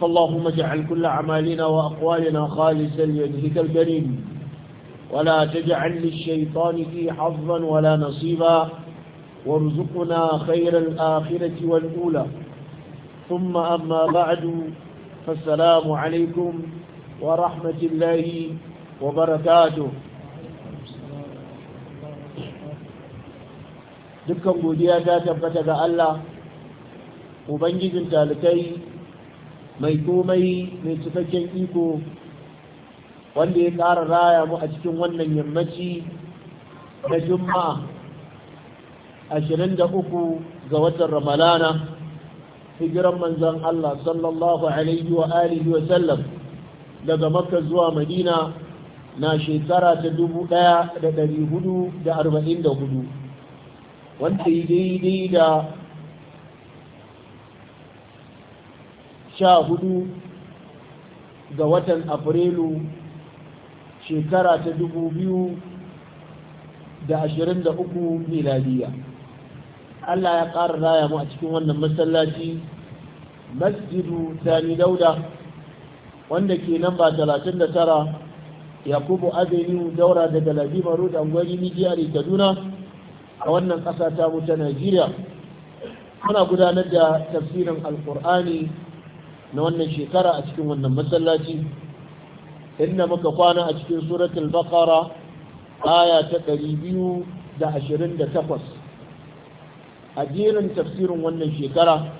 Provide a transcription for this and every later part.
فاللهم اجعل كل أعمالنا وأقوالنا خالصا لوجهك الكريم ولا تجعل للشيطان فيه حظا ولا نصيبا وارزقنا خير الآخرة والأولى ثم أما بعد فالسلام عليكم ورحمة الله وبركاته dukkan godiya ta tabbata ga Allah ubangijin talikai mai komai mai cikakken iko wanda ya ƙara raya mu a cikin wannan yammaci na juma'a Ashirin uku ga watan ramalana hijiran manzan Allah sallallahu alaihi wa alihi wa sallam daga makka zuwa madina na shekara ta dubu ɗaya da da ɗari hudu hudu. wanda yi daidai da sha hudu ga watan afrilu shekara ta dubu uku miladiya Allah ya ƙara raya mu a cikin wannan masallaci masjidu sani dauda wanda ke nan ba talatin tara yakubu azini daura daga labima road angwani nijiyar kaduna a wannan ƙasa ta mu ta najeriya muna gudanar da tafsirin alkur'ani na wannan shekara a cikin wannan masallaci inda muka kwana a cikin suratul baqara aya ta 228 a jerin tafsirin wannan shekara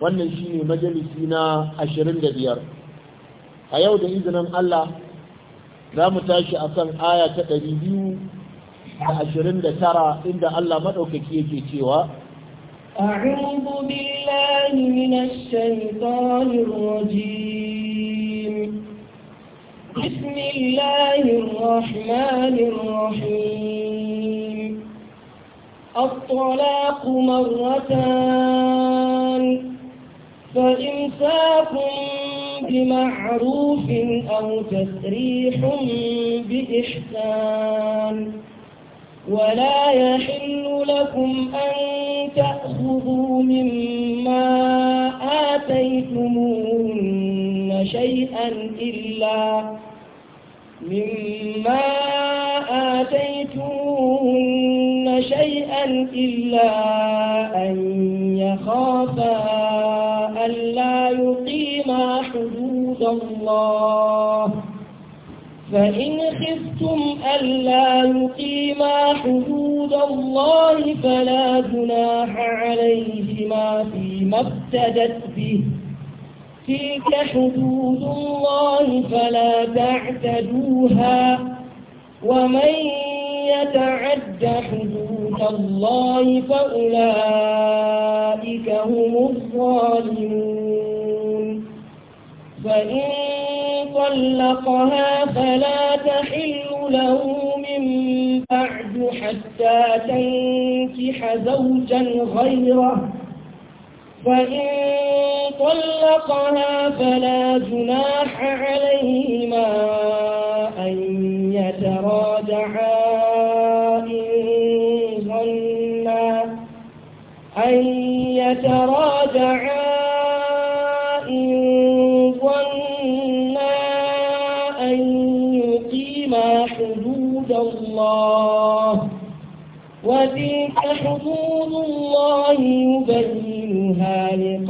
wannan shine majalisi na 25 a yau da izinin Allah za mu tashi akan aya ta 229 inda Allah madaukaki yake cewa أعوذ بالله من الشيطان الرجيم بسم الله الرحمن الرحيم الطلاق مرتان فإمساك بمعروف أو تسريح بإحسان ولا يحل لكم أن تأخذوا مما آتيتموهن شيئا إلا مما آتيتموهن شيئا إلا أن يخافا ألا يقيما حدود الله فإن خفتم ألا يقيما حدود حدود الله فلا جناح عليهما فيما افتدت به تلك حدود الله فلا تعتدوها ومن يتعد حدود الله فأولئك هم الظالمون فإن طلقها فلا تحل له حتى تنكح زوجا غيره فإن طلقها فلا جناح عليهما أن يتراجعا إن ظنا أن يتراجعا يقيم حدود الله وذلك حدود الله يبينها لقوم